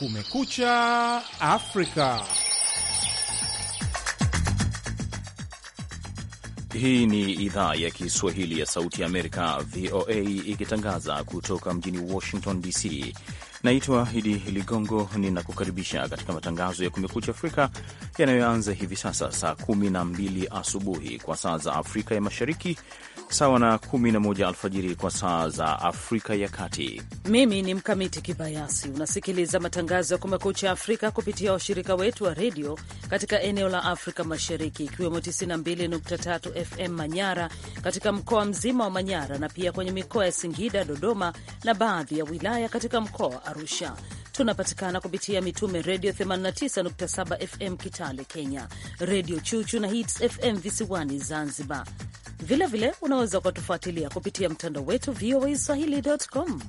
Kumekucha Afrika. Hii ni idhaa ya Kiswahili ya Sauti ya Amerika, VOA, ikitangaza kutoka mjini Washington DC. Naitwa Idi Ligongo, ninakukaribisha katika matangazo ya Kumekucha Afrika yanayoanza hivi sasa saa 12 asubuhi kwa saa za Afrika ya Mashariki sawa na 11 alfajiri kwa saa za Afrika ya Kati. Mimi ni Mkamiti Kibayasi. Unasikiliza matangazo ya Kumekucha Afrika kupitia washirika wetu wa redio katika eneo la Afrika Mashariki, ikiwemo 92.3 FM Manyara katika mkoa mzima wa Manyara na pia kwenye mikoa ya Singida, Dodoma na baadhi ya wilaya katika mkoa wa Arusha. Tunapatikana kupitia Mitume Redio 89.7 FM Kitale Kenya, Redio Chuchu na Hits FM visiwani Zanzibar, Vilevile unaweza ukatufuatilia kupitia mtandao wetu VOA Swahili.com.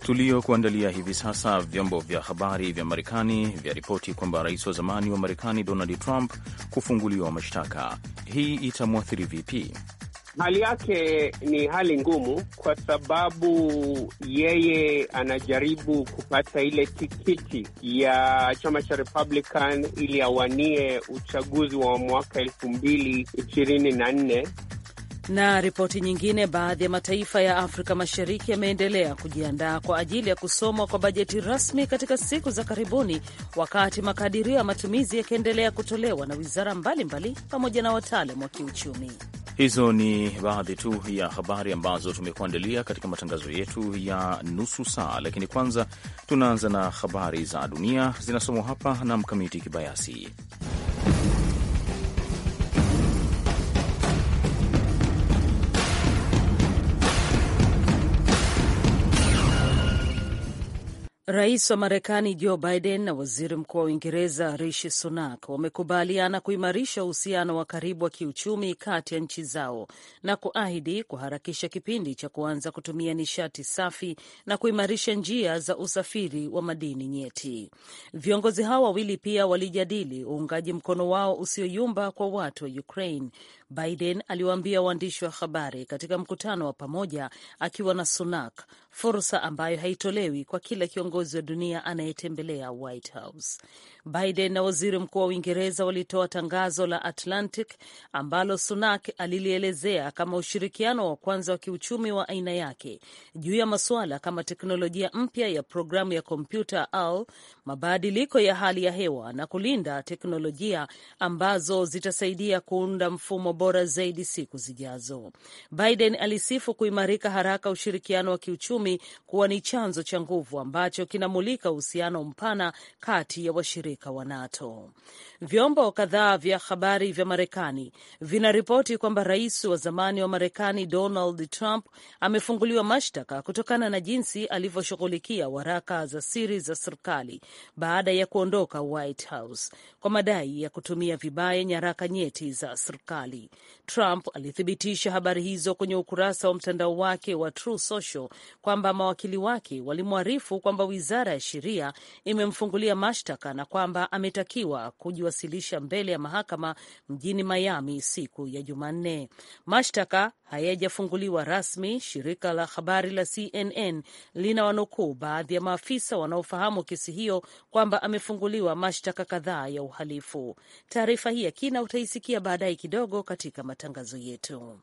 Tuliokuandalia hivi sasa, vyombo vya habari vya Marekani vya ripoti kwamba rais wa zamani wa Marekani Donald Trump kufunguliwa mashtaka. Hii itamwathiri vipi? Hali yake ni hali ngumu, kwa sababu yeye anajaribu kupata ile tikiti ya chama cha Republican ili awanie uchaguzi wa mwaka elfu mbili ishirini na nne na ripoti nyingine, baadhi ya mataifa ya Afrika Mashariki yameendelea kujiandaa kwa ajili ya kusomwa kwa bajeti rasmi katika siku za karibuni, wakati makadirio ya matumizi yakiendelea kutolewa na wizara mbalimbali pamoja na wataalam wa kiuchumi. Hizo ni baadhi tu ya habari ambazo tumekuandalia katika matangazo yetu ya nusu saa, lakini kwanza tunaanza na habari za dunia zinasomwa hapa na Mkamiti Kibayasi. Rais wa Marekani Joe Biden na waziri mkuu wa Uingereza Rishi Sunak wamekubaliana kuimarisha uhusiano wa karibu wa kiuchumi kati ya nchi zao na kuahidi kuharakisha kipindi cha kuanza kutumia nishati safi na kuimarisha njia za usafiri wa madini nyeti. Viongozi hao wawili pia walijadili uungaji mkono wao usioyumba kwa watu wa Ukraine. Biden aliwaambia waandishi wa habari katika mkutano wa pamoja akiwa na Sunak, fursa ambayo haitolewi kwa kila kiongozi viongozi wa dunia anayetembelea White House. Biden na waziri mkuu wa Uingereza walitoa tangazo la Atlantic ambalo Sunak alilielezea kama ushirikiano wa kwanza wa kiuchumi wa aina yake juu ya masuala kama teknolojia mpya ya programu ya kompyuta au mabadiliko ya hali ya hewa na kulinda teknolojia ambazo zitasaidia kuunda mfumo bora zaidi siku zijazo. Biden alisifu kuimarika haraka ushirikiano wa kiuchumi kuwa ni chanzo cha nguvu ambacho kinamulika uhusiano mpana kati ya washirika wa NATO. Vyombo kadhaa vya habari vya Marekani vinaripoti kwamba rais wa zamani wa Marekani Donald Trump amefunguliwa mashtaka kutokana na jinsi alivyoshughulikia waraka za siri za serikali baada ya kuondoka White House kwa madai ya kutumia vibaya nyaraka nyeti za serikali. Trump alithibitisha habari hizo kwenye ukurasa wa mtandao wake wa True Social kwamba mawakili wake walimwarifu kwamba wizara ya sheria imemfungulia mashtaka na kwamba ametakiwa kujiwasilisha mbele ya mahakama mjini Miami siku ya Jumanne. Mashtaka hayajafunguliwa rasmi. Shirika la habari la CNN lina wanukuu baadhi ya maafisa wanaofahamu kesi hiyo kwamba amefunguliwa mashtaka kadhaa ya uhalifu. Taarifa hii ya kina utaisikia baadaye kidogo katika matangazo yetu.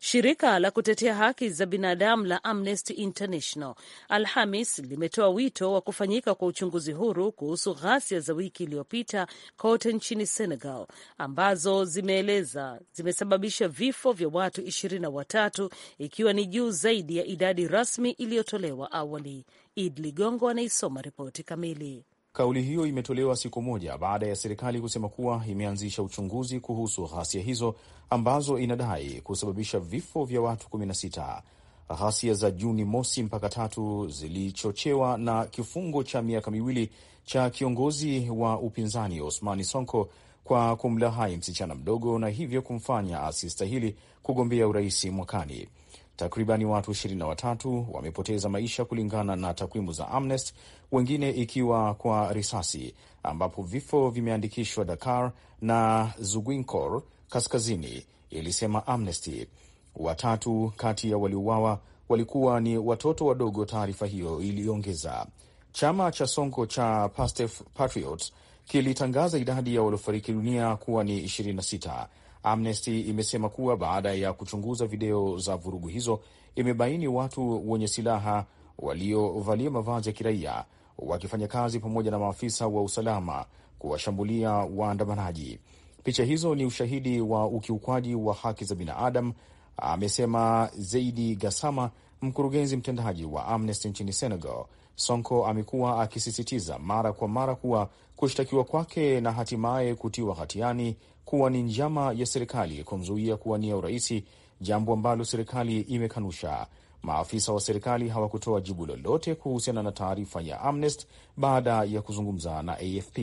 Shirika la kutetea haki za binadamu la Amnesty International Alhamis limetoa wito wito wa kufanyika kwa uchunguzi huru kuhusu ghasia za wiki iliyopita kote nchini Senegal ambazo zimeeleza zimesababisha vifo vya watu ishirini na watatu ikiwa ni juu zaidi ya idadi rasmi iliyotolewa awali. Id Ligongo anaisoma ripoti kamili. Kauli hiyo imetolewa siku moja baada ya serikali kusema kuwa imeanzisha uchunguzi kuhusu ghasia hizo ambazo inadai kusababisha vifo vya watu 16. Ghasia za Juni mosi mpaka tatu zilichochewa na kifungo cha miaka miwili cha kiongozi wa upinzani Osmani Sonko kwa kumlahai msichana mdogo na hivyo kumfanya asistahili kugombea urais mwakani. Takribani watu ishirini na watatu wamepoteza maisha kulingana na takwimu za Amnesty, wengine ikiwa kwa risasi, ambapo vifo vimeandikishwa Dakar na Zuguinkor kaskazini, ilisema Amnesty. Watatu kati ya waliouawa walikuwa ni watoto wadogo, taarifa hiyo iliongeza. Chama cha Sonko cha Pastef Patriots kilitangaza idadi ya waliofariki dunia kuwa ni 26. Amnesty imesema kuwa baada ya kuchunguza video za vurugu hizo imebaini watu wenye silaha waliovalia mavazi ya kiraia wakifanya kazi pamoja na maafisa wa usalama kuwashambulia waandamanaji. Picha hizo ni ushahidi wa ukiukwaji wa haki za binadamu amesema Zeidi gasama mkurugenzi mtendaji wa Amnesty nchini Senegal. Sonko amekuwa akisisitiza mara kwa mara kuwa kushtakiwa kwake na hatimaye kutiwa hatiani kuwa ni njama ya serikali kumzuia kuwania uraisi, jambo ambalo serikali imekanusha. Maafisa wa serikali hawakutoa jibu lolote kuhusiana na taarifa ya Amnesty baada ya kuzungumza na AFP.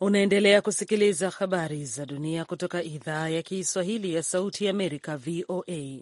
Unaendelea kusikiliza habari za dunia kutoka idhaa ya Kiswahili ya Sauti ya Amerika, VOA.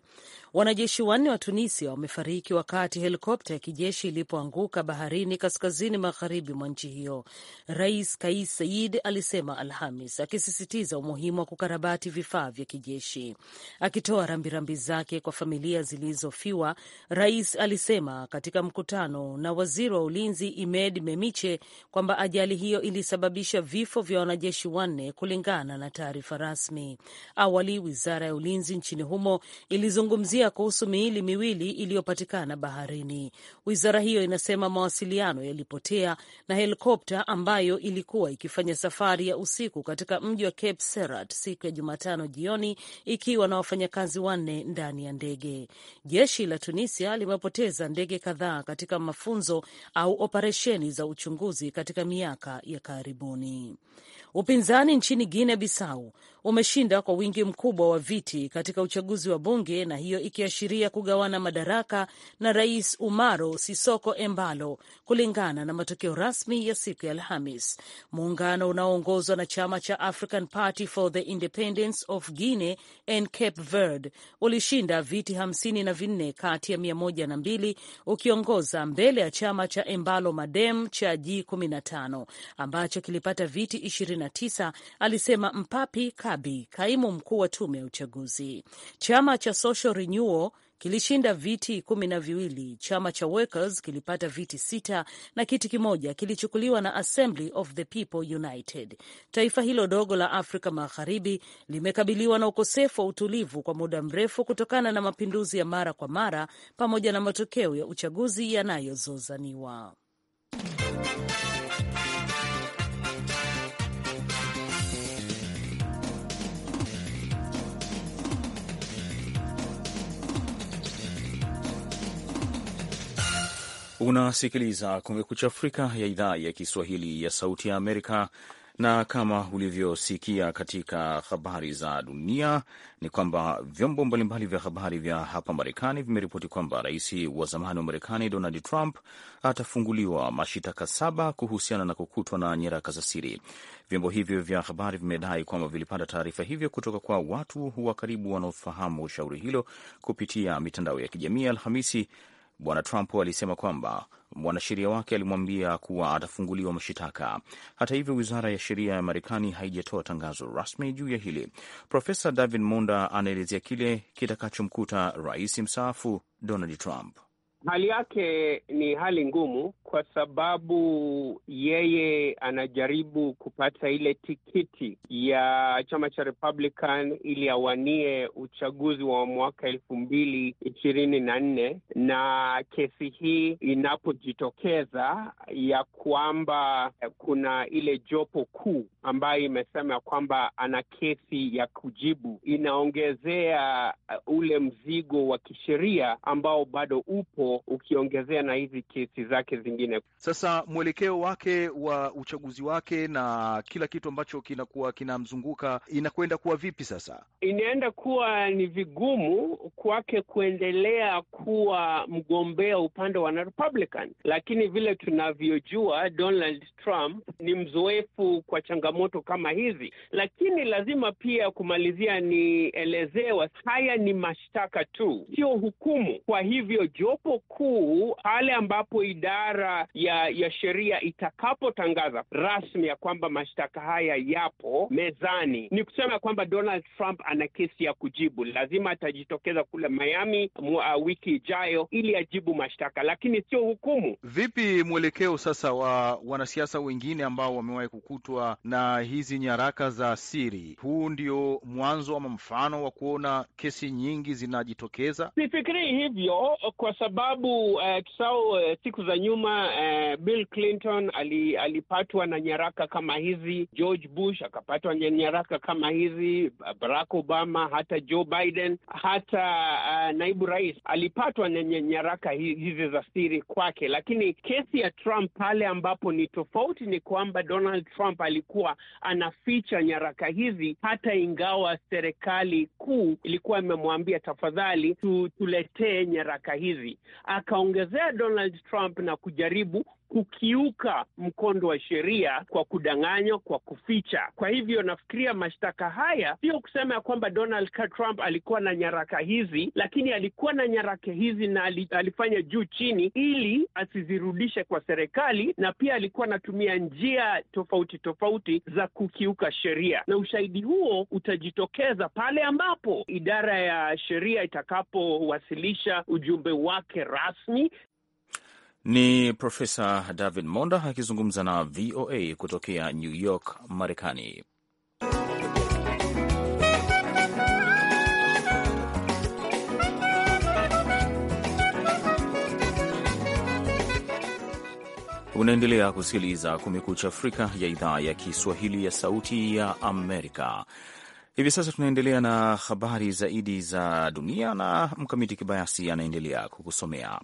Wanajeshi wanne wa Tunisia wamefariki wakati helikopta ya kijeshi ilipoanguka baharini kaskazini magharibi mwa nchi hiyo, Rais Kais Saied alisema Alhamis, akisisitiza umuhimu wa kukarabati vifaa vya kijeshi. Akitoa rambirambi zake kwa familia zilizofiwa, rais alisema katika mkutano na waziri wa ulinzi Imed Memiche kwamba ajali hiyo ilisababisha vifo vya wanajeshi wanne, kulingana na taarifa rasmi. Awali wizara ya ulinzi nchini humo ilizungumzia kuzungumzia kuhusu miili miwili iliyopatikana baharini. Wizara hiyo inasema mawasiliano yalipotea na helikopta ambayo ilikuwa ikifanya safari ya usiku katika mji wa Cape Serat siku ya Jumatano jioni ikiwa na wafanyakazi wanne ndani ya ndege. Jeshi la Tunisia limepoteza ndege kadhaa katika mafunzo au operesheni za uchunguzi katika miaka ya karibuni. Upinzani nchini Guinea Bissau umeshinda kwa wingi mkubwa wa viti katika uchaguzi wa bunge na hiyo ikiashiria kugawana madaraka na Rais Umaro Sisoko Embalo, kulingana na matokeo rasmi ya siku ya Alhamis. Muungano unaoongozwa na chama cha African Party for the Independence of Guinea and Cape Verde ulishinda viti hamsini na vinne kati ya mia moja na mbili ukiongoza mbele ya chama cha Embalo Madem cha G15 ambacho kilipata viti 29, alisema Mpapi Kabi, kaimu mkuu wa tume ya uchaguzi. Chama cha Social Renew Renewal kilishinda viti kumi na viwili, chama cha Workers kilipata viti sita na kiti kimoja kilichukuliwa na Assembly of the People United. Taifa hilo dogo la Afrika Magharibi limekabiliwa na ukosefu wa utulivu kwa muda mrefu kutokana na mapinduzi ya mara kwa mara pamoja na matokeo ya uchaguzi yanayozozaniwa. Unasikiliza Kumekucha Afrika ya idhaa ya Kiswahili ya Sauti ya Amerika, na kama ulivyosikia katika habari za dunia ni kwamba vyombo mbalimbali vya habari vya hapa Marekani vimeripoti kwamba rais wa zamani wa Marekani Donald Trump atafunguliwa mashitaka saba kuhusiana na kukutwa na nyaraka za siri. Vyombo hivyo vya habari vimedai kwamba vilipata taarifa hivyo kutoka kwa watu wa karibu wanaofahamu shauri hilo kupitia mitandao ya kijamii Alhamisi Bwana Trump alisema kwamba mwanasheria wake alimwambia kuwa atafunguliwa mashitaka. Hata hivyo, wizara ya sheria ya Marekani haijatoa tangazo rasmi juu ya hili. Profesa David Monda anaelezea kile kitakachomkuta rais mstaafu Donald Trump. Hali yake ni hali ngumu, kwa sababu yeye anajaribu kupata ile tikiti ya chama cha Republican ili awanie uchaguzi wa mwaka elfu mbili ishirini na nne, na kesi hii inapojitokeza ya kwamba kuna ile jopo kuu ambayo imesema kwamba ana kesi ya kujibu, inaongezea ule mzigo wa kisheria ambao bado upo ukiongezea na hizi kesi zake zingine. Sasa mwelekeo wake wa uchaguzi wake na kila kitu ambacho kinakuwa kinamzunguka inakwenda kuwa vipi? Sasa inaenda kuwa ni vigumu kwake kuendelea kuwa mgombea upande wa Republican, lakini vile tunavyojua Donald Trump ni mzoefu kwa changamoto kama hizi, lakini lazima pia kumalizia, nielezewa haya ni mashtaka tu, sio hukumu. Kwa hivyo jopo kuu pale ambapo idara ya ya sheria itakapotangaza rasmi ya kwamba mashtaka haya yapo mezani ni kusema kwamba Donald Trump ana kesi ya kujibu. Lazima atajitokeza kule Miami mwa uh, wiki ijayo ili ajibu mashtaka, lakini sio hukumu. Vipi mwelekeo sasa wa wanasiasa wengine ambao wamewahi kukutwa na hizi nyaraka za siri? Huu ndio mwanzo ama mfano wa kuona kesi nyingi zinajitokeza? Sifikiri hivyo kwa sababu sababu eh, tusao eh, siku za nyuma eh, Bill Clinton ali, alipatwa na nyaraka kama hizi, George Bush akapatwa na nyaraka kama hizi, Barack Obama, hata Joe Biden, hata uh, naibu rais alipatwa na nyaraka hizi za siri kwake. Lakini kesi ya Trump pale ambapo ni tofauti ni kwamba Donald Trump alikuwa anaficha nyaraka hizi, hata ingawa serikali kuu ilikuwa imemwambia tafadhali tuletee nyaraka hizi akaongezea Donald Trump na kujaribu kukiuka mkondo wa sheria kwa kudanganywa, kwa kuficha. Kwa hivyo nafikiria mashtaka haya sio kusema ya kwamba Donald Trump alikuwa na nyaraka hizi, lakini alikuwa na nyaraka hizi na alifanya juu chini ili asizirudishe kwa serikali, na pia alikuwa anatumia njia tofauti tofauti za kukiuka sheria, na ushahidi huo utajitokeza pale ambapo idara ya sheria itakapowasilisha ujumbe wake rasmi. Ni Profesa David Monda akizungumza na VOA kutokea New York, Marekani. Unaendelea kusikiliza Kumekucha Afrika ya idhaa ya Kiswahili ya Sauti ya Amerika. Hivi sasa tunaendelea na habari zaidi za dunia, na Mkamiti Kibayasi anaendelea kukusomea.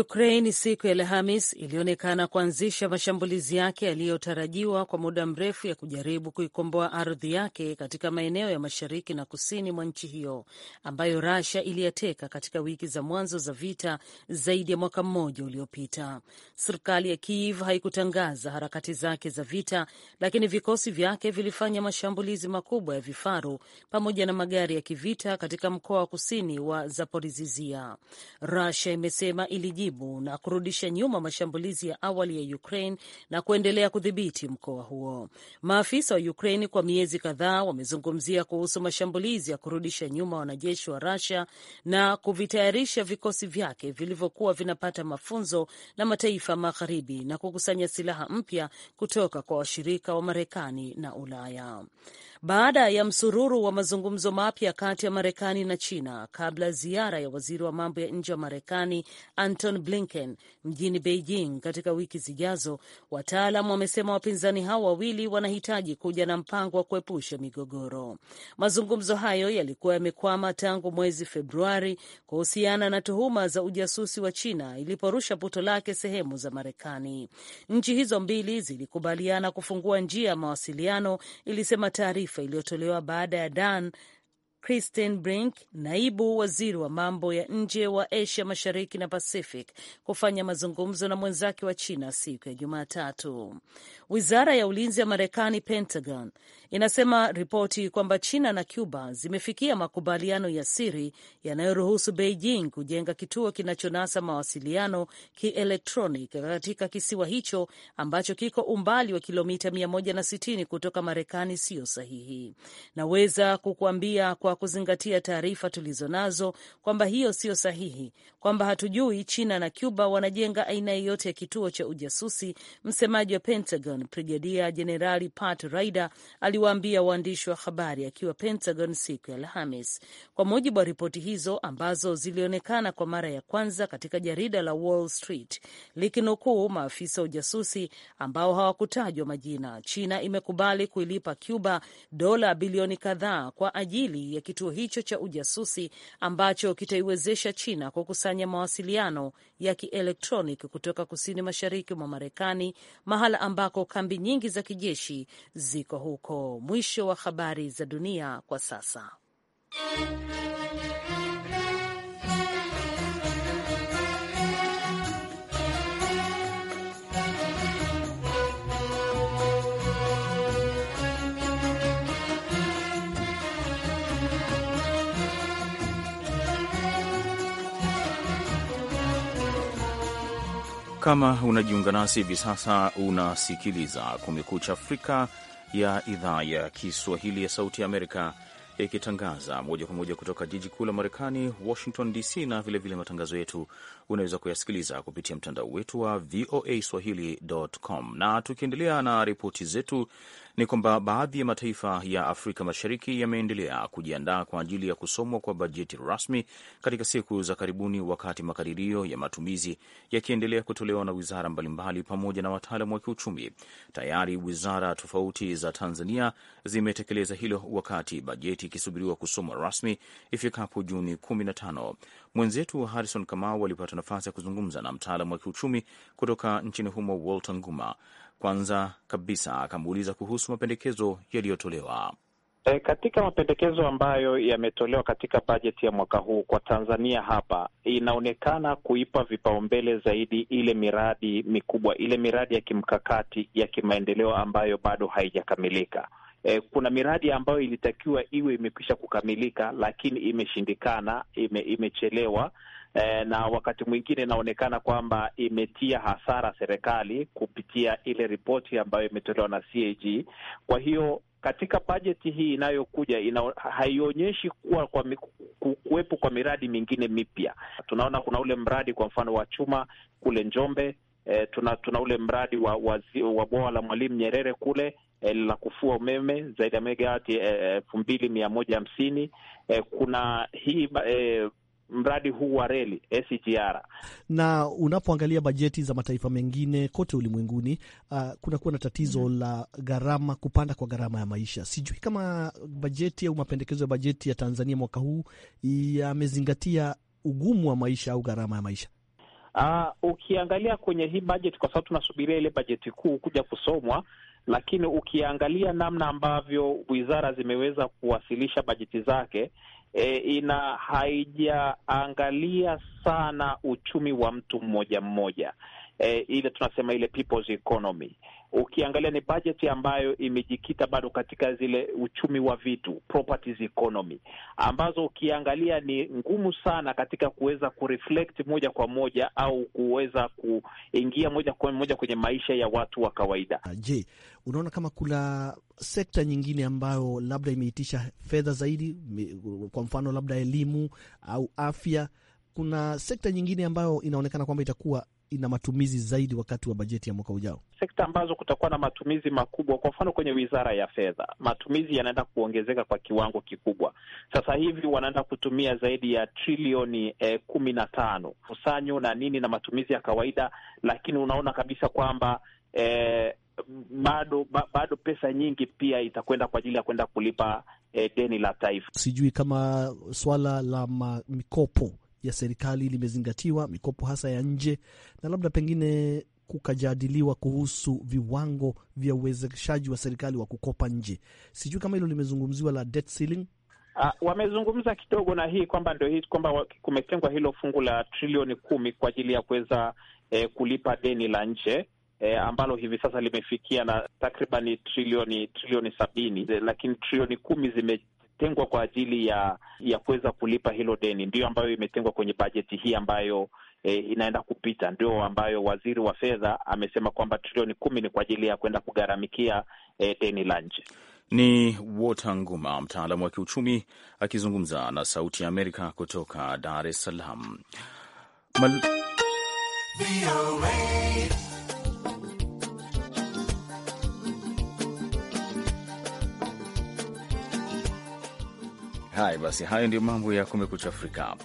Ukraine siku ya Alhamis ilionekana kuanzisha mashambulizi yake yaliyotarajiwa kwa muda mrefu ya kujaribu kuikomboa ardhi yake katika maeneo ya mashariki na kusini mwa nchi hiyo ambayo Russia iliyateka katika wiki za mwanzo za vita zaidi ya mwaka mmoja uliopita. Serikali ya Kiev haikutangaza harakati zake za vita, lakini vikosi vyake vilifanya mashambulizi makubwa ya vifaru pamoja na magari ya kivita katika mkoa wa kusini wa zaporizizia Russia imesema ili lilijibu na kurudisha nyuma mashambulizi ya awali ya Ukraine na kuendelea kudhibiti mkoa huo. Maafisa wa Ukraine kwa miezi kadhaa wamezungumzia kuhusu mashambulizi ya kurudisha nyuma wanajeshi wa Russia na kuvitayarisha vikosi vyake vilivyokuwa vinapata mafunzo na mataifa magharibi na kukusanya silaha mpya kutoka kwa washirika wa Marekani na Ulaya. Baada ya msururu wa mazungumzo mapya kati ya Marekani na China kabla ziara ya waziri wa mambo ya nje wa Marekani Anton Blinken mjini Beijing katika wiki zijazo, wataalam wamesema wapinzani hao wawili wanahitaji kuja na mpango wa kuepusha migogoro. Mazungumzo hayo yalikuwa yamekwama tangu mwezi Februari kuhusiana na tuhuma za ujasusi wa China iliporusha puto lake sehemu za Marekani. Nchi hizo mbili zilikubaliana kufungua njia ya mawasiliano, ilisema taarifa iliyotolewa baada ya Dan Christine Brink, naibu waziri wa mambo ya nje wa Asia Mashariki na Pacific, kufanya mazungumzo na mwenzake wa China siku ya Jumatatu. Wizara ya ulinzi ya Marekani, Pentagon, inasema ripoti kwamba China na Cuba zimefikia makubaliano ya siri yanayoruhusu Beijing kujenga kituo kinachonasa mawasiliano kielektronic katika kisiwa hicho ambacho kiko umbali wa kilomita 160 kutoka Marekani siyo sahihi. Naweza kukuambia kwa kwa kuzingatia taarifa tulizo nazo kwamba hiyo siyo sahihi, kwamba hatujui China na Cuba wanajenga aina yeyote ya kituo cha ujasusi. Msemaji wa Pentagon Brigedia Jenerali Pat Ryder aliwaambia waandishi wa habari akiwa Pentagon siku ya Alhamis. Kwa mujibu wa ripoti hizo ambazo zilionekana kwa mara ya kwanza katika jarida la Wall Street likinukuu maafisa wa ujasusi ambao hawakutajwa majina, China imekubali kuilipa Cuba dola bilioni kadhaa kwa ajili ya kituo hicho cha ujasusi ambacho kitaiwezesha China kukusanya mawasiliano ya kielektroniki kutoka kusini mashariki mwa Marekani, mahala ambako kambi nyingi za kijeshi ziko huko. Mwisho wa habari za dunia kwa sasa. Kama unajiunga nasi hivi sasa, unasikiliza Kumekucha Afrika ya idhaa ya Kiswahili ya Sauti Amerika ikitangaza moja kwa moja kutoka jiji kuu la Marekani, Washington DC, na vilevile vile matangazo yetu unaweza kuyasikiliza kupitia mtandao wetu wa VOA swahili.com. Na tukiendelea na ripoti zetu, ni kwamba baadhi ya mataifa ya Afrika Mashariki yameendelea kujiandaa kwa ajili ya kusomwa kwa bajeti rasmi katika siku za karibuni, wakati makadirio ya matumizi yakiendelea kutolewa na wizara mbalimbali pamoja na wataalam wa kiuchumi. Tayari wizara tofauti za Tanzania zimetekeleza hilo, wakati bajeti ikisubiriwa kusomwa rasmi ifikapo Juni 15. Mwenzetu wa Harrison Kamau alipata nafasi ya kuzungumza na mtaalam wa kiuchumi kutoka nchini humo Walter Nguma kwanza kabisa akamuuliza kuhusu mapendekezo yaliyotolewa. E, katika mapendekezo ambayo yametolewa katika bajeti ya mwaka huu kwa Tanzania hapa inaonekana kuipa vipaumbele zaidi ile miradi mikubwa, ile miradi ya kimkakati ya kimaendeleo ambayo bado haijakamilika. E, kuna miradi ambayo ilitakiwa iwe imekwisha kukamilika, lakini imeshindikana, ime, imechelewa eh, na wakati mwingine inaonekana kwamba imetia hasara serikali kupitia ile ripoti ambayo imetolewa na CAG. Kwa hiyo katika bajeti hii inayokuja ina, haionyeshi kuwa kwa kuwepo kwa miradi mingine mipya. Tunaona kuna ule mradi kwa mfano wa chuma kule Njombe. E, tuna tuna ule mradi wa wa, wa bwawa la Mwalimu Nyerere kule e, la kufua umeme zaidi ya megawati eh, elfu mbili mia moja hamsini. E, kuna hii e, mradi huu wa reli SGR. Na unapoangalia bajeti za mataifa mengine kote ulimwenguni, uh, kunakuwa na tatizo mm -hmm. la gharama, kupanda kwa gharama ya maisha. Sijui kama bajeti au mapendekezo ya bajeti ya Tanzania mwaka huu yamezingatia ugumu wa maisha au gharama ya maisha. Uh, ukiangalia kwenye hii bajeti, kwa sababu tunasubiria ile bajeti kuu kuja kusomwa, lakini ukiangalia namna ambavyo wizara zimeweza kuwasilisha bajeti zake e, ina haijaangalia sana uchumi wa mtu mmoja mmoja eh, ile tunasema ile people's economy. Ukiangalia ni bajeti ambayo imejikita bado katika zile uchumi wa vitu properties economy, ambazo ukiangalia ni ngumu sana katika kuweza kureflect moja kwa moja au kuweza kuingia moja kwa moja kwenye maisha ya watu wa kawaida. Ah, je, unaona kama kuna sekta nyingine ambayo labda imeitisha fedha zaidi, kwa mfano labda elimu au afya? Kuna sekta nyingine ambayo inaonekana kwamba itakuwa ina matumizi zaidi wakati wa bajeti ya mwaka ujao? Sekta ambazo kutakuwa na matumizi makubwa, kwa mfano kwenye wizara ya fedha, matumizi yanaenda kuongezeka kwa kiwango kikubwa. Sasa hivi wanaenda kutumia zaidi ya trilioni eh, kumi na tano kusanyo na nini na matumizi ya kawaida, lakini unaona kabisa kwamba eh, bado bado pesa nyingi pia itakwenda kwa ajili ya kwenda kulipa eh, deni la taifa. Sijui kama swala la mikopo ya serikali limezingatiwa, mikopo hasa ya nje, na labda pengine kukajadiliwa kuhusu viwango vya uwezeshaji wa serikali wa kukopa nje. Sijui kama hilo limezungumziwa la debt ceiling. Uh, wamezungumza kidogo na hii kwamba ndio hii kwamba kumetengwa hilo fungu la trilioni kumi kwa ajili ya kuweza eh, kulipa deni la nje eh, ambalo hivi sasa limefikia na takribani trilioni trilioni sabini, lakini trilioni kumi zime imetengwa kwa ajili ya ya kuweza kulipa hilo deni, ndiyo ambayo imetengwa kwenye bajeti hii ambayo E, inaenda kupita ndio ambayo waziri wa fedha amesema kwamba trilioni kumi ni kwa ajili ya kwenda kugharamikia e, deni la nje. Ni Wota Nguma, mtaalamu wa kiuchumi akizungumza na Sauti ya Amerika kutoka Dar es Salaam Mal Haya basi, hayo ndiyo mambo ya Kumekucha Afrika.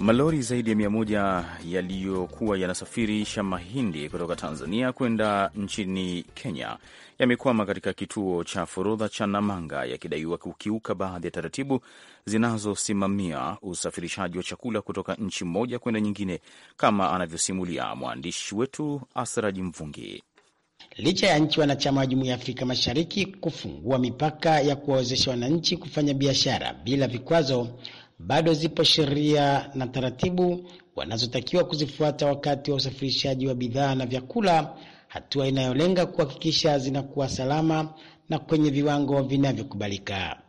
Malori zaidi ya mia moja yaliyokuwa yanasafirisha mahindi kutoka Tanzania kwenda nchini Kenya yamekwama katika kituo cha forodha cha Namanga yakidaiwa kukiuka baadhi ya taratibu zinazosimamia usafirishaji wa chakula kutoka nchi moja kwenda nyingine, kama anavyosimulia mwandishi wetu Asraji Mvungi. Licha ya nchi wanachama wa Jumuiya ya Afrika Mashariki kufungua mipaka ya kuwawezesha wananchi kufanya biashara bila vikwazo, bado zipo sheria na taratibu wanazotakiwa kuzifuata wakati wa usafirishaji wa bidhaa na vyakula, hatua inayolenga kuhakikisha zinakuwa salama na kwenye viwango vinavyokubalika.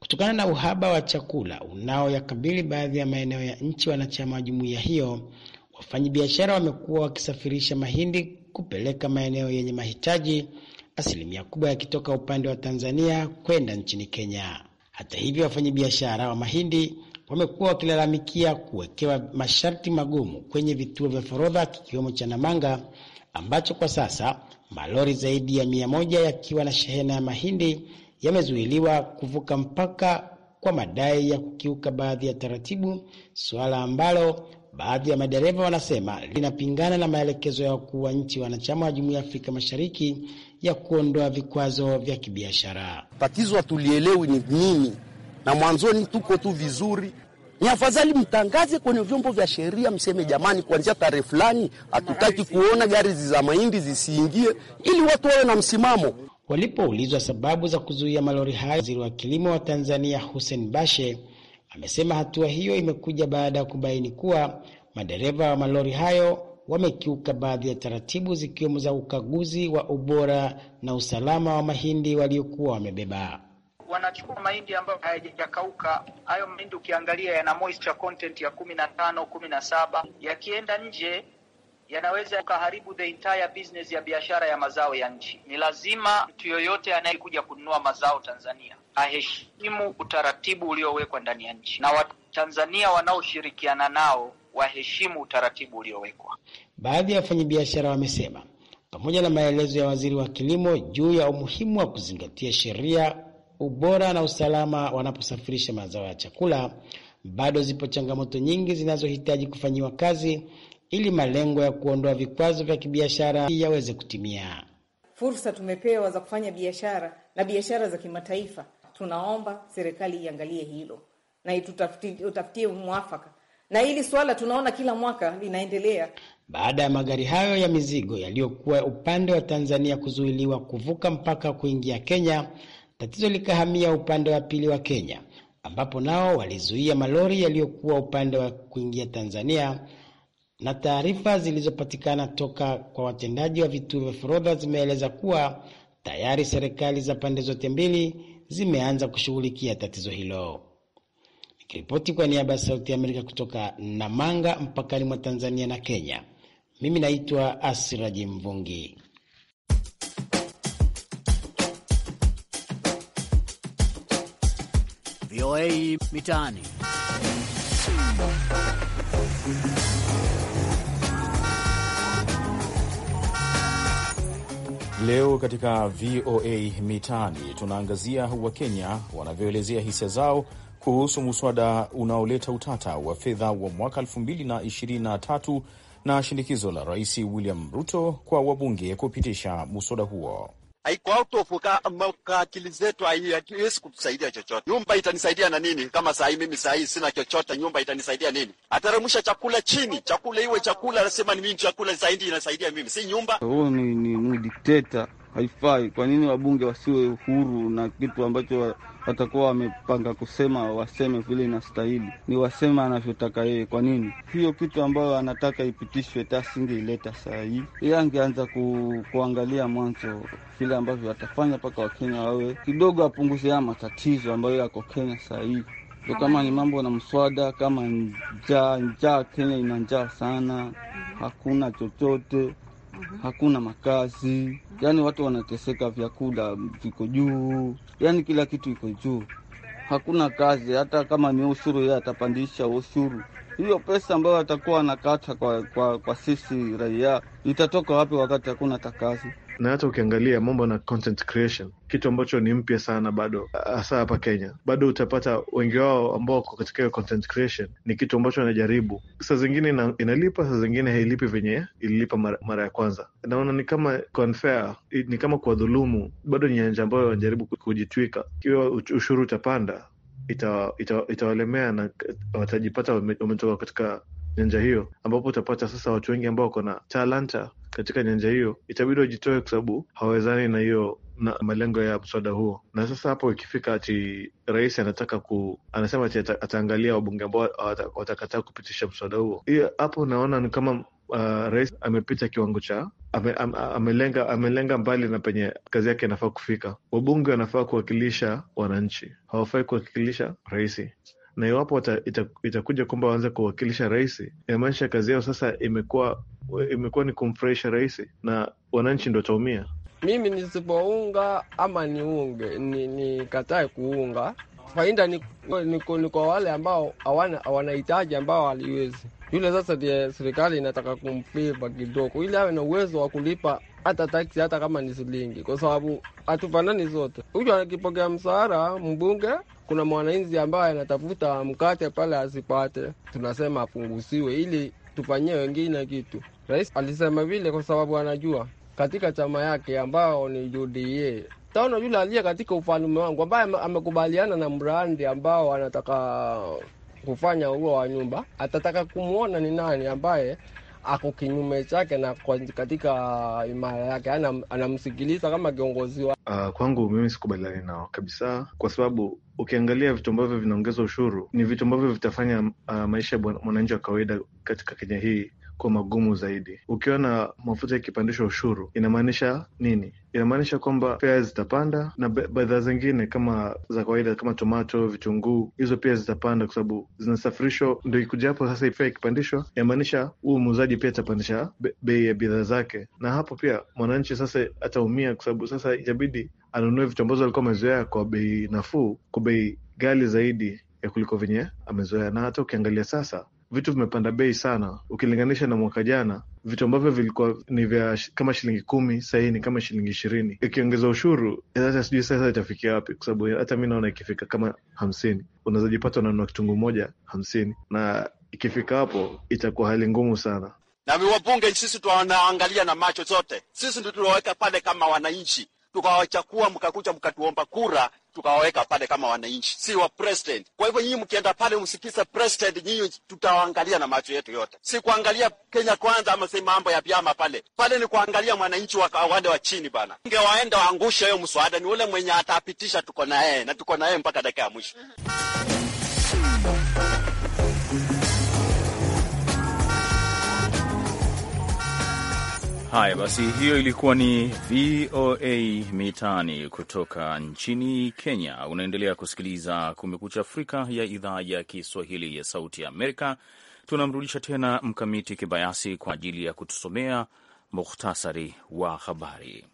Kutokana na uhaba wa chakula unaoyakabili baadhi ya maeneo ya nchi wanachama wa jumuiya hiyo, wafanyabiashara wamekuwa wakisafirisha mahindi kupeleka maeneo yenye mahitaji, asilimia kubwa yakitoka upande wa Tanzania kwenda nchini Kenya. Hata hivyo, wafanyabiashara wa mahindi wamekuwa wakilalamikia kuwekewa masharti magumu kwenye vituo vya forodha kikiwemo cha Namanga ambacho kwa sasa malori zaidi ya mia moja yakiwa na shehena ya mahindi yamezuiliwa kuvuka mpaka kwa madai ya kukiuka baadhi ya taratibu, suala ambalo Baadhi ya madereva wanasema linapingana na maelekezo ya wakuu wa nchi wanachama wa Jumuiya ya Afrika Mashariki ya kuondoa vikwazo vya kibiashara. Tatizo hatulielewi ni nini, na mwanzoni tuko tu vizuri. Ni afadhali mtangaze kwenye vyombo vya sheria, mseme jamani, kuanzia tarehe fulani hatutaki kuona gari za mahindi zisiingie, ili watu wawe na msimamo. Walipoulizwa sababu za kuzuia malori hayo, waziri wa kilimo wa Tanzania Hussein Bashe amesema hatua hiyo imekuja baada ya kubaini kuwa madereva wa malori hayo wamekiuka baadhi ya taratibu zikiwemo za ukaguzi wa ubora na usalama wa mahindi waliokuwa wamebeba. Wanachukua mahindi ambayo hayajakauka. Hayo mahindi ukiangalia yana moisture content ya kumi na tano, kumi na saba. Yakienda nje yanaweza ukaharibu the entire business ya biashara ya mazao ya nchi. Ni lazima mtu yoyote anayekuja kununua mazao Tanzania aheshimu utaratibu uliowekwa ndani ya nchi na Watanzania wanaoshirikiana nao waheshimu utaratibu uliowekwa. Baadhi ya wafanyabiashara wamesema pamoja na maelezo ya waziri wa kilimo juu ya umuhimu wa kuzingatia sheria, ubora na usalama wanaposafirisha mazao ya chakula, bado zipo changamoto nyingi zinazohitaji kufanyiwa kazi ili malengo ya kuondoa vikwazo vya kibiashara yaweze kutimia. Fursa tumepewa za kufanya biashara na biashara za kimataifa tunaomba serikali iangalie hilo na itutafutie mwafaka, na hili swala tunaona kila mwaka linaendelea. Baada ya magari hayo ya mizigo yaliyokuwa upande wa Tanzania kuzuiliwa kuvuka mpaka kuingia Kenya, tatizo likahamia upande wa pili wa Kenya, ambapo nao walizuia malori yaliyokuwa upande wa kuingia Tanzania. Na taarifa zilizopatikana toka kwa watendaji wa vituo vya forodha zimeeleza kuwa tayari serikali za pande zote mbili zimeanza kushughulikia tatizo hilo. Nikiripoti kwa niaba ya Sauti ya Amerika kutoka Namanga, mpakani mwa Tanzania na Kenya, mimi naitwa Asiraji Mvungi. VOA Mitaani. Leo katika VOA Mitaani tunaangazia Wakenya wanavyoelezea hisia zao kuhusu muswada unaoleta utata wa fedha wa mwaka 2023 na shinikizo la Rais William Ruto kwa wabunge kupitisha muswada huo haiko out of akili zetu, haiwezi kutusaidia chochote. Nyumba itanisaidia na nini kama saa hii mimi saa hii sina chochote? Nyumba itanisaidia nini? Ataramsha chakula chini, chakula iwe chakula, anasema ni mimi chakula zaidi inasaidia mimi, si nyumba. Huyu ni, ni, ni dikteta haifai. Kwa nini wabunge wasiwe uhuru na kitu ambacho watakuwa wamepanga kusema waseme vile inastahili, ni waseme anavyotaka yeye? Kwa nini hiyo kitu ambayo anataka ipitishwe tasingeileta saa hii? Yeye angeanza ku, kuangalia mwanzo vile ambavyo watafanya mpaka Wakenya wawe kidogo, apunguze haya matatizo ambayo yako Kenya saa hii kama ni mambo na mswada kama njaa njaa, Kenya ina njaa sana, hakuna chochote. Mhm. hakuna makazi, yaani watu wanateseka, vyakula viko juu, yaani kila kitu iko juu, hakuna kazi. Hata kama ni ushuru, yeye atapandisha ushuru. Hiyo pesa ambayo atakuwa anakata kwa, kwa, kwa sisi raia itatoka wapi wakati hakuna takazi na hata ukiangalia mambo na content creation, kitu ambacho ni mpya sana bado, hasa hapa Kenya. Bado utapata wengi wao ambao wako katika hiyo content creation, ni kitu ambacho wanajaribu. Saa zingine ina, inalipa, saa zingine hailipi venye ililipa mara, mara ya kwanza. Naona ni kama unfair, ni kama kuwadhulumu. Bado nyanja ambayo wanajaribu kujitwika. Ikiwa ushuru utapanda itawalemea ita, ita na watajipata wametoka katika nyanja hiyo, ambapo utapata sasa watu wengi ambao wako na talanta katika nyanja hiyo itabidi wajitoe kwa sababu hawawezani na hiyo na malengo ya mswada huo. Na sasa hapo ikifika ati rais anataka ku anasema ati ataangalia wabunge ambao watakataa kupitisha mswada huo, hiyo hapo unaona ni kama uh, rais amepita kiwango cha ame, am, amelenga amelenga mbali na penye kazi yake inafaa kufika. Wabunge wanafaa kuwakilisha wananchi, hawafai kuwakilisha raisi na iwapo itakuja kwamba waanze kuwakilisha rais, inamaanisha kazi yao sasa imekuwa imekuwa ni kumfurahisha rais na wananchi ndo wataumia. Mimi nisipounga ama niunge nikatae ni kuunga, faida ni, ni, ni kwa wale ambao hawanahitaji ambao waliwezi yule. Sasa ndiye serikali inataka kumpiva kidogo, ili awe na uwezo wa kulipa hata taksi hata kama ni shilingi, kwa sababu hatufanani zote. Huyu akipokea msaara mbunge, kuna mwananchi ambaye anatafuta mkate pale asipate, tunasema apungusiwe ili tufanyie wengine kitu. Rais alisema vile kwa sababu anajua katika chama yake ambao ni UDA taona yule aliye katika ufalume wangu ambaye amekubaliana na mrandi ambao anataka kufanya huo wa nyumba, atataka kumwona ni nani ambaye ako kinyume chake na kwa katika imara yake, yani anamsikiliza kama kiongozi wa uh, kwangu mimi sikubaliani nao kabisa, kwa sababu ukiangalia vitu ambavyo vinaongeza ushuru ni vitu ambavyo vitafanya uh, maisha ya mwananchi wa kawaida katika Kenya hii kuwa magumu zaidi. Ukiwa na mafuta yakipandishwa ushuru, inamaanisha nini? Inamaanisha kwamba fea zitapanda na bidhaa zingine kama za kawaida kama tomato, vitunguu, hizo pia zitapanda kwa sababu zinasafirishwa. Ndo ikuja hapo sasa, fea ikipandishwa, inamaanisha huyu muuzaji pia atapandisha bei ya bidhaa zake, na hapo pia mwananchi sasa ataumia kwa sababu sasa itabidi anunue vitu ambazo alikuwa amezoea kwa bei nafuu, kwa bei ghali zaidi ya kuliko venye amezoea. Na hata ukiangalia sasa vitu vimepanda bei sana ukilinganisha na mwaka jana. Vitu ambavyo vilikuwa ni vya kama shilingi kumi sahii ni kama shilingi ishirini. Ikiongeza ushuru sasa, sijui sasa itafikia wapi, kwa sababu hata mi naona ikifika kama hamsini unaweza jipata unanunua kitunguu moja hamsini, na ikifika hapo itakuwa hali ngumu sana na wabunge sisi tunaangalia na macho zote, sisi ndio tulioweka pale kama wananchi tukawachakua mkakuja mkatuomba kura tukawaweka pale kama wananchi, si wa president. Kwa hivyo nyinyi mkienda pale msikize president, nyinyi tutawaangalia na macho yetu yote, si kuangalia Kenya Kwanza ama si mambo ya vyama pale pale, ni kuangalia mwananchi wa wale wa chini bana. Ingewaenda waangushe hiyo mswada, ni ule mwenye atapitisha, tuko na yeye na tuko na yeye mpaka dakika ya mwisho. Haya basi, hiyo ilikuwa ni VOA Mitaani kutoka nchini Kenya. Unaendelea kusikiliza Kumekucha Afrika ya idhaa ya Kiswahili ya Sauti ya Amerika. Tunamrudisha tena Mkamiti Kibayasi kwa ajili ya kutusomea muhtasari wa habari.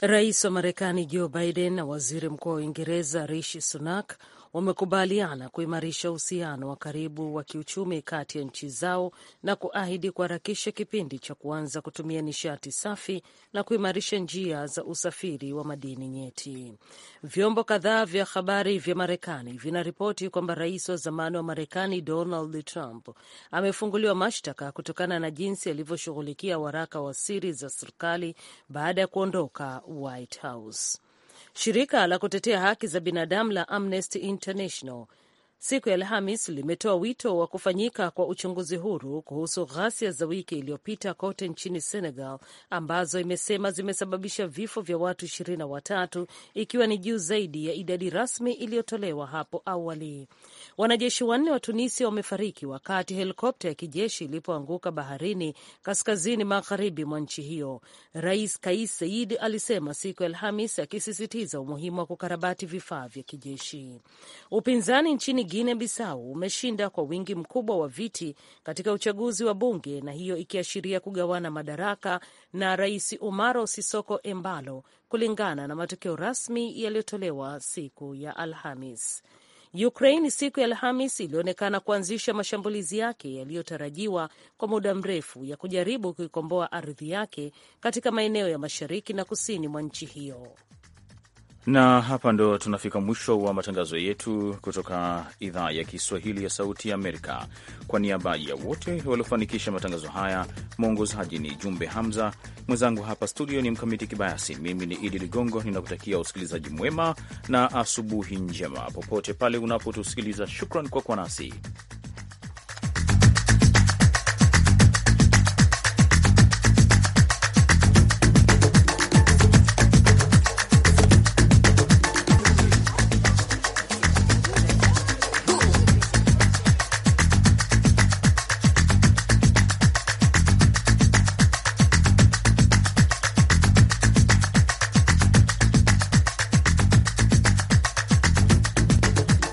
Rais wa Marekani Joe Biden na waziri mkuu wa Uingereza Rishi Sunak wamekubaliana kuimarisha uhusiano wa karibu wa kiuchumi kati ya nchi zao na kuahidi kuharakisha kipindi cha kuanza kutumia nishati safi na kuimarisha njia za usafiri wa madini nyeti. Vyombo kadhaa vya habari vya Marekani vinaripoti kwamba rais wa zamani wa Marekani Donald Trump amefunguliwa mashtaka kutokana na jinsi alivyoshughulikia waraka wa siri za serikali baada ya kuondoka White House. Shirika la kutetea haki za binadamu la Amnesty International siku ya Alhamis limetoa wito wa kufanyika kwa uchunguzi huru kuhusu ghasia za wiki iliyopita kote nchini Senegal ambazo imesema zimesababisha vifo vya watu ishirini na watatu ikiwa ni juu zaidi ya idadi rasmi iliyotolewa hapo awali. Wanajeshi wanne wa Tunisia wamefariki wakati helikopta ya kijeshi ilipoanguka baharini kaskazini magharibi mwa nchi hiyo, Rais Kais Saied alisema siku ya Alhamis, akisisitiza umuhimu wa kukarabati vifaa vya kijeshi. Upinzani nchini Guinea Bissau umeshinda kwa wingi mkubwa wa viti katika uchaguzi wa bunge, na hiyo ikiashiria kugawana madaraka na Rais Umaro Sisoko Embalo, kulingana na matokeo rasmi yaliyotolewa siku ya Alhamis. Ukraine siku ya Alhamis ilionekana kuanzisha mashambulizi yake yaliyotarajiwa kwa muda mrefu ya kujaribu kuikomboa ardhi yake katika maeneo ya mashariki na kusini mwa nchi hiyo. Na hapa ndo tunafika mwisho wa matangazo yetu kutoka idhaa ya Kiswahili ya Sauti ya Amerika. Kwa niaba ya wote waliofanikisha matangazo haya, mwongozaji ni Jumbe Hamza, mwenzangu hapa studio ni Mkamiti Kibayasi, mimi ni Idi Ligongo, ninakutakia usikilizaji mwema na asubuhi njema popote pale unapotusikiliza. Shukran kwa kuwa nasi.